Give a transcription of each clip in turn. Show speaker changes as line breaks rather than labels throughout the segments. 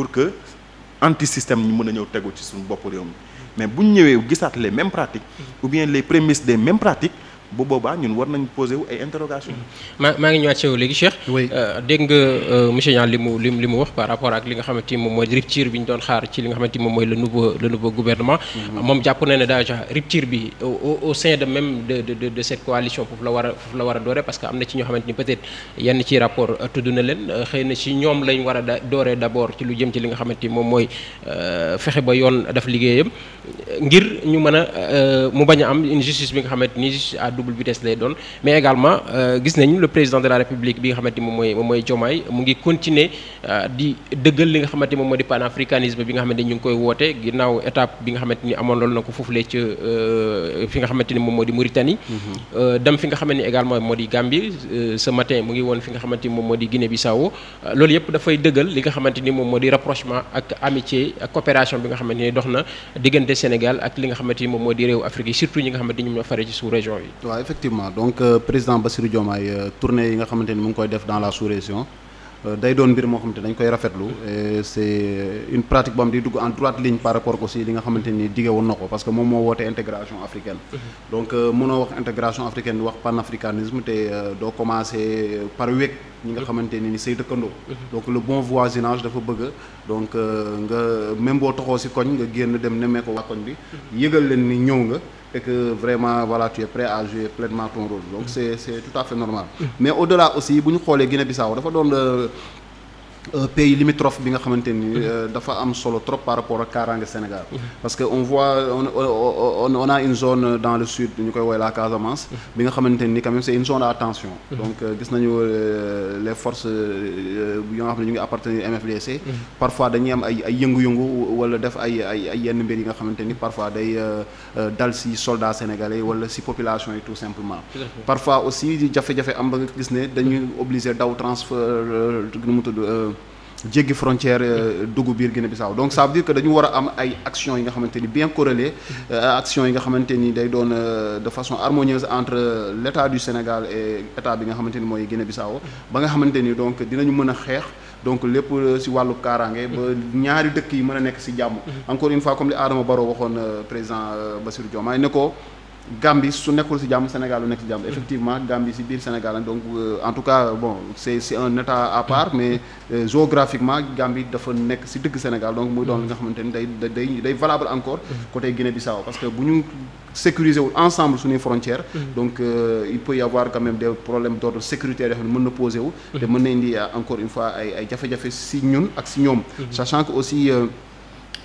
pour que anti système ñu mën a ñëw tegu ci suñu bopp réew mi mais bu ñëwee gisaat les mêmes pratique mm. ou les prémices des mêmes pratiques bu boobaa ñun war nañ posé ay interrogations.
maa maa ngi ñëwaat wax ci li nga xamante moom mooy mhm. jàpp na ne a foofu la war a dooree parce ci rapport euh, tudd euh, a li nga xamante moom mooy euh, fexe ba yoon daf liggéeyam ngir ñu mën a mu bañ am une justice bi nga xamante ni justice double vitesse lay doon mais également gis nañu le président de la république bi nga xamante moom mooy moom mu ngi continuer di dëggal li nga xamante moom moo di Mauritanie dem fi nga xamante ni moo di Gambie ce matin mu ngi woon fi nga xamante moom moo di Guinée Bissau loolu yëpp dafay dëggal li nga xamante moom moo di rapprochement ak amitié ak coopération bi nga xamante ni dox na diggante Sénégal ak li nga xamante moom moo di réew Afrique yi surtout ñi
waaw effectivement donc euh, président Bassirou Diomaye euh, tournée yi nga xamante ni mu ngi koy def dans la sous-région euh, day doon mbir moo xamante dañ koy rafetlu c'est une pratique boo xam di dugg en droite ligne par rapport aussi li nga xamante ni dige woon na ko parce que moom moo woote intégration africaine mhm. donc mënoo wax intégration africaine wax panafricanisme te doo commencer ñi nga mhm. xamante ni say dëkkandoo mhm. donc le bon voisinage dafa bëgg donc nga même boo taxoo si koñ nga génn dem nemmee ko waa koñ bi yëgal leen ni ñëw nga et vraiment voilà tu es prêt à jouer pleinement ton rôle donc mm. c'est tout à fait normal mais au aussi bu ñu xoolee Guinée-Bissau dafa doon euh, pays limitrophe bi nga xamante ni euh, dafa am solo trop par rapport ak kaaraange Sénégal mm-hmm. parce que on voit on on a une zone dans le sud ñu koy woy la Casamance mm-hmm. bi nga xamante ni quand même une zone à mm-hmm. donc euh, gis nañu euh, les forces yoo nga xam ne ñu ngi appartenir MFDC parfois dañuy am ay ay yëngu-yëngu wala def ay ay yenn mbir yi nga xamante ni parfois day dal si soldats sénégalais wala si population yi tout simplement parfois aussi jafe-jafe am ba nga gis ne dañuy jéggi frontière euh, dugg biir Guinée Bissau donc ça veut dire que dañu war a am ay action yi nga xamante ni bien corrélées euh, action yi nga xamante ni day doon euh, de façon harmonieuse entre l' état du Sénégal et état bi nga xamante ni mooy Guinée Bissau ba nga xamante ni donc dinañu mën a xeex donc lépp si wàllu kaaraange ba ñaari dëkk yi mën a nekk si jàmm mm-hmm. encore une fois comme li Adama Barrow waxoon président Bassirou Diomaye ne ko Gambie su nekkul ci jàmm Sénégal lu nekk ci jàmm mm-hmm. effectivement Gambie ci biir Sénégal donc euh, en tout cas bon c'est c'est un état à part mm-hmm. mais euh, géographiquement Gambie dafa nekk si dëgg Sénégal donc muy doon li nga mm-hmm. xamante ni day day day valable encore côté Guinée-Bissau parce que bu ñu sécuriser wul ensemble suñuy frontières donc euh, il peut y avoir quand même des problèmes d'ordre sécuritaire yoo xam mën na poser wu te mën na indi encore une fois ay ay jafe-jafe ci ñun ak ci ñoom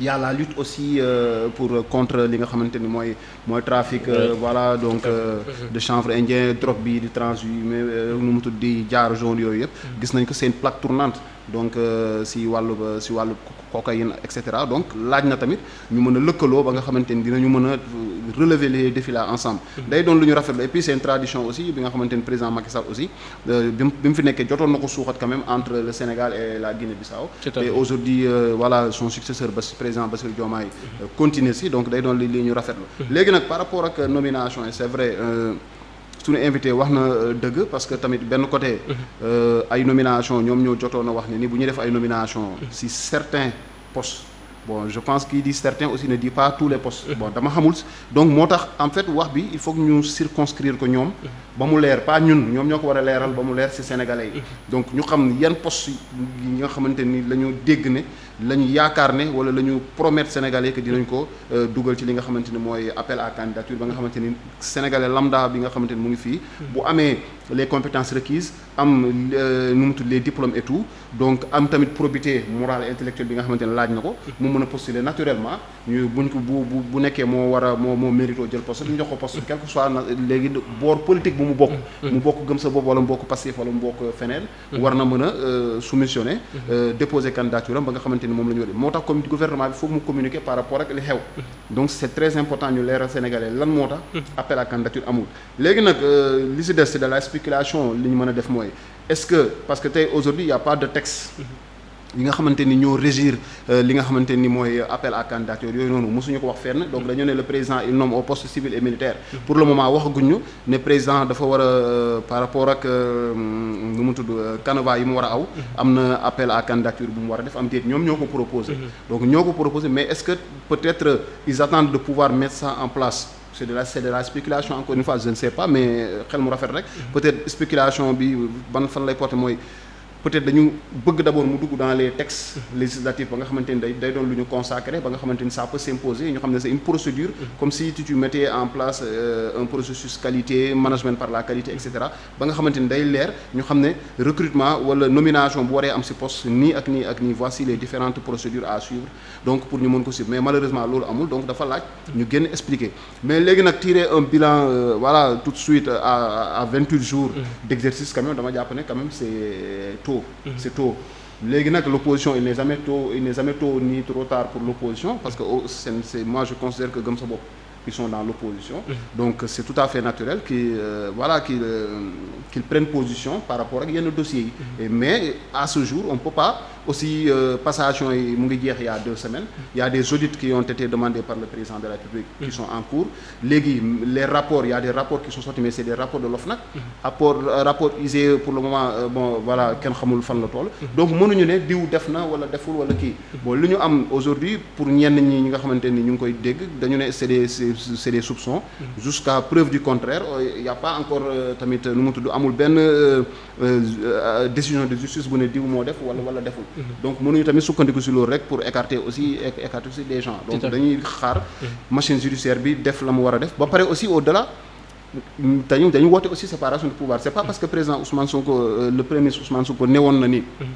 y a lutte aussi euh, pour euh, contre li nga xamante ni mooy mooy trafic euh, voilà donc euh, de chanvre indien drogue bi di transhumé nu mu tudd di jaar jaune yooyu yëpp mm. gis nañ ko seen plaque tournante donc euh, si wàllu si wàllu cocaïne et cetera donc laaj na tamit ñu mën a lëkkaloo ba nga xamante ni dinañu mën a euh, relever les défis là ensemble. Mm-hmm. day doon lu ñu rafetlu et puis c'est une tradition aussi bi nga xamante ni président Macky Sall aussi euh, bi mu bi mu fi nekkee jotoon na ko suuxat quand entre le Sénégal e la Guinée-Bissau. et aujourd'hui euh, son successeur ba président Bassirou Diomaye. continuer si donc day doon li ñu rafetlu. Mm-hmm. léegi nag par rapport ak nomination suñu invité wax na euh, dëgg parce que tamit benn côté mhm. euh, ay nomination ñoom ñoo jotoon a wax ne ni bu ñuy def ay nomination mhm. si certains postes bon je pense qu'il di certains aussi ne di pas tous les postes mhm. bon dama xamul donc moo tax en fait wax bi il faut que ñu circonscrire ko ñoom ba mu leer pas ñun ñoom ñoo ko war a leeral ba mu leer ci sénégalais yi donc ñu xam yan postes yi nga xamante ni la dégg ne la ñu yaakaar ne wala la ñu promettre sénégalais que dinañ ko euh, dugal ci li nga xamante ne mooy appel à candidature ba nga xamante ni sénégalais lambda bi nga xamante ni mu ngi fii bu amee les compétences requises am euh, nu mu tudd les diplômes et tout donc am tamit probité morale et intellectuelle bi nga xamante ne laaj na ko mu mën a postuler naturellement ñu buñ ko bu bu bu nekkee moo war a moo moo mérito jël poste ñu jox ko poste quel que soit na léegi boor politique bu mu bokk mu bokk gëm sa bopp wala mu bokk passif wala mu bokk feneen hmm. war na mën a euh, soumissionner déposer candidature am ba nga xamante ni moom la ñu war moo tax comité gouvernement bi foog mu communiquer par rapport ak li xew donc c' très important ñu leeral sénégalais lan moo tax appel à candidature amul léegi nag euh, li si des c'est de spéculation li ñu mën a def mooy est ce que parce que tey aujourd'hui y pas de texte yi nga xamante ni ñoo régir euh, li nga xamante ni mooy euh, appel à candidature yooyu noonu mosuñu ko wax fenn donc dañoo ne le président il nomme au poste civil et militaire mm-hmm. pour le moment waxaguñu ne président dafa war a euh, par rapport ak nu mu tudd canevas yi mu war a aw mm-hmm. am na appel à candidature bu mu war def am déet ñoom ñoo ko proposé mm-hmm. donc ñoo ko proposé mais est-ce que peut-être ils attendent de pouvoir mettre ça en place c'est de la c'est de la spéculation encore une rafet rek peut-être spéculation bi ban fan lay porter mooy peut-être dañu bëgg d'abord mu dugg dans les textes législatifs ba nga xamante ni day day doon lu ñu consacré ba nga xamante ni ça peut s'imposer ñu xam ne c'est une procédure mm-hmm. comme si tu mettais en place euh, un processus qualité management par la qualité et cetera ba nga xamante ni day leer ñu xam ne recrutement wala nomination bu waree am si poste nii ak nii ak nii voici les différentes procédures à suivre donc pour ñu mën ko suivre mais malheureusement loolu amul tôt. Mhm. c'est tôt léegi nag l'opposition il n'est jamais tôt il n'est jamais tôt ni trop tard pour l'opposition parce que oh, c'est c'est moi je considère que Gëm sa bopp ils sont dans l'opposition mhm. donc c'est tout à fait naturel qu'ils euh, voilà qu'ils euh, qu'ils prennent position par rapport ak yenn dossiers yi. Mhm. mais à ce jour on peut pas. aussi euh, passation yi mu ngi jeex il y a deux semaines il y a des audits qui ont été demandés par le président de la République qui mm. sont en cours léegi les rapports il a des rapports qui sont sortis mais c'est des rapports de l'OFNAC mm. rapport euh, rapport IGE pour le moment euh, bon voilà kenn xamul fan la tool mm. donc mënuñu ne diw def na wala deful wala kii bon li ñu am aujourd'hui pour ñenn ñi ñi nga xamante ni ñu ngi koy dégg dañu ne c'est des c'est des soupçons jusqu'à preuve du euh, euh, tamit nu mu tudd amul benn décision de justice bu ne diw moo def wala wala deful Mhm. donc mënuñu tamit sukkandiku si loolu rek pour écarter aussi écarter aussi des gens donc dañuy xaar mhm. machine judiciaire bi def la mu war a def ba pare aussi au delà dañu dañu woote aussi séparation du pouvoir c'est pas parce que président Ousmane Sonko euh, le premier Ousmane Sonko newoon na ni mhm.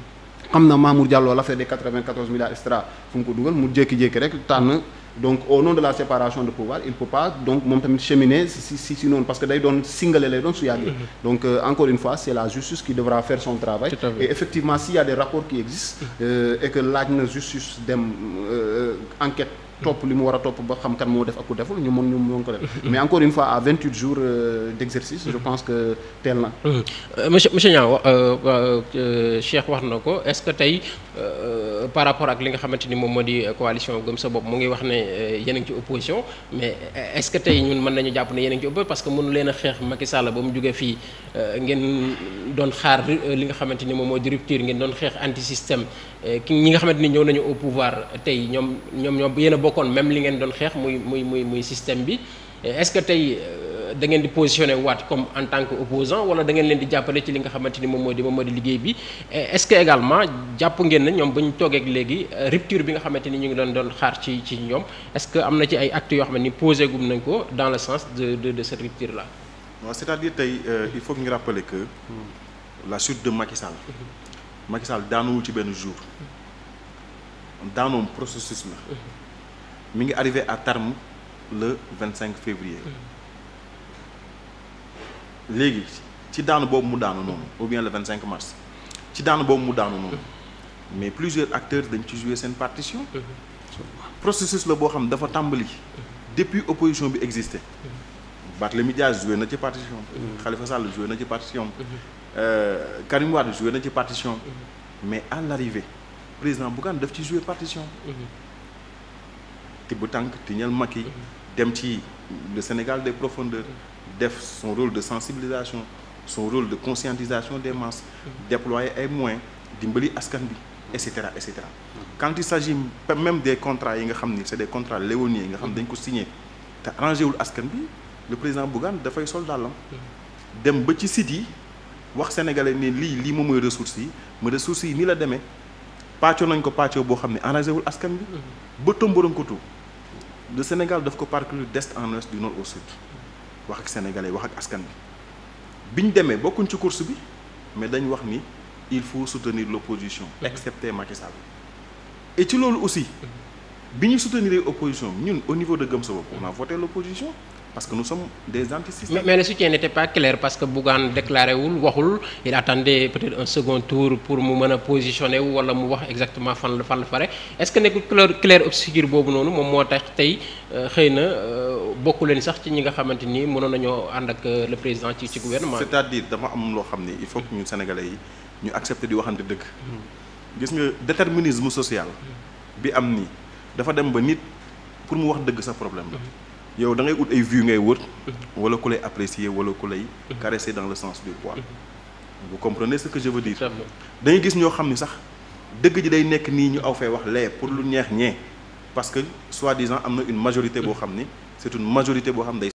xam na Mamour Diallo l'affaire des 94 milliards extra fu mu ko dugal mu jékki-jékki rek tànn donc au nom de la séparation de pouvoir il peut pas donc moom tamit cheminer si si si noonu parce que day doon singale lay doon su yàggee mm-hmm. donc euh, encore une fois c'est la justice qui devra faire son travail et effectivement s'il y a des rapports qui existent mm-hmm. euh, et que laaj na justice dem euh, enquête topp li mu war a topp ba xam kan moo def ak ku deful ñu mën ñu mën ko def
mais encore une fois à vingt huit jours euh, d' exercice pense que teel na euh, euh, ko est ce que tey li nga xamante ni moom moo di coalition gëm sa bopp mu ngi wax ne yéen a ngi ci opposition mais est ce que tey ñun mën nañu jàpp ne yéen a ngi ci opposition parce que mënu leen a xeex Macky Sall ba mu jógee fii ngeen doon xaar li nga xamante ni moom moo di rupture ngeen doon xeex anti système ki ñi nga xamante ñëw nañu au pouvoir tey a bokk bokkoon même li ngeen doon xeex muy muy muy muy système bi est-ce que tey euh, da ngeen di positionné waat comme en tant que opposant wala da ngeen leen di jàppale ci li nga xamante ni moom moo di moom moo di liggéey bi est-ce que également jàpp ngeen na ñoom ba ñu toogeeg léegi euh, rupture bi nga xamante ni ñu ngi doon doon xaar ci ci ñoom est-ce que am na ci ay actes yoo xam ne posé gum nañ ko dans le sens de de de cette rupture là.
non c'est-à-dire tey euh, il faut que ñu rappeler que hmm. la chute de Macky Sall. Macky Sall daanuwul ci benn jour hmm. daanoom processus la. mi ngi arrivé à terme le vingt cinq février mm. léegi ci daanu boobu mu daanu noonu ou bien le vingt cinq mars ci daanu boobu mu daanu noonu mais plusieurs acteurs dañ ci jouer seen partition mm-hmm. processus la boo xam dafa tàmbali mm-hmm. depuis opposition bi existé mm-hmm. le Dias joué na ci partition xalifa Sall joué na ci partition euh, Karim Wade joué na ci partition mais à l'arrivée président Bougane daf ci jouer partition bu tànk tiñal mag yi dem ci le Sénégal des profondeurs def son rôle de sensibilisation son rôle de conscientisation des masses déployer ay moyens dimbali askan bi et cetera et cetera quand il s'agit même des contrats yi nga xam ni c'est des contrats léoniens yi nga xam dañ ko signé te arrangé wul askan bi le président Bougane dafay sol dàllam dem ba ci site wax sénégalais ne lii lii moom mooy ressources yi mais ressources yi nii la demee pàccoo nañ ko pàccoo boo xam ne arrangé wul askan bi ba de Sénégal daf ko parcourir d'est en ouest du nord au sud wax ak sénégalais wax ak askan bi bi ñu demee bokkuñ ci course bi mais dañ wax ni il faut soutenir l'opposition excepté Macky Sall et ci loolu aussi bi ñu soutenir opposition ñun au niveau de Gëm sa Bopp on a l'opposition parce que nous sommes des
antisystèmes. Mais, pas clair parce que Bougane déclaré wul waxul il attendait peut-être un second tour pour mu mën a positionné wu wala mu wax exactement fan la fan la fare est-ce que nekkul clair clair obscur boobu noonu moom moo tax tey euh, xëy na euh, bokku leen sax ci ñi nga xamante nii mënoon nañoo ànd ak euh, le président ci ci gouvernement
c'est-à-dire dafa am loo xam ni il faut que ñun sénégalais yi ñu accepter di waxante dëgg. gis nga déterminisme social. bi am nii dafa dem ba nit pour mu wax dëgg sa problème la. yow da ngay ut ay vues ngay wër mm-hmm. wala ku lay apprécier wala ku lay mm-hmm. caresser dans le sens du poil mm-hmm. vous comprenez ce que je veux dire dañuy gis ñoo xam ni sax dëgg ji day nekk nii ñu aw fay wax lee pour lu neex ñee parce que soi-disant am na une majorité boo xam ni c'est une majorité boo xam day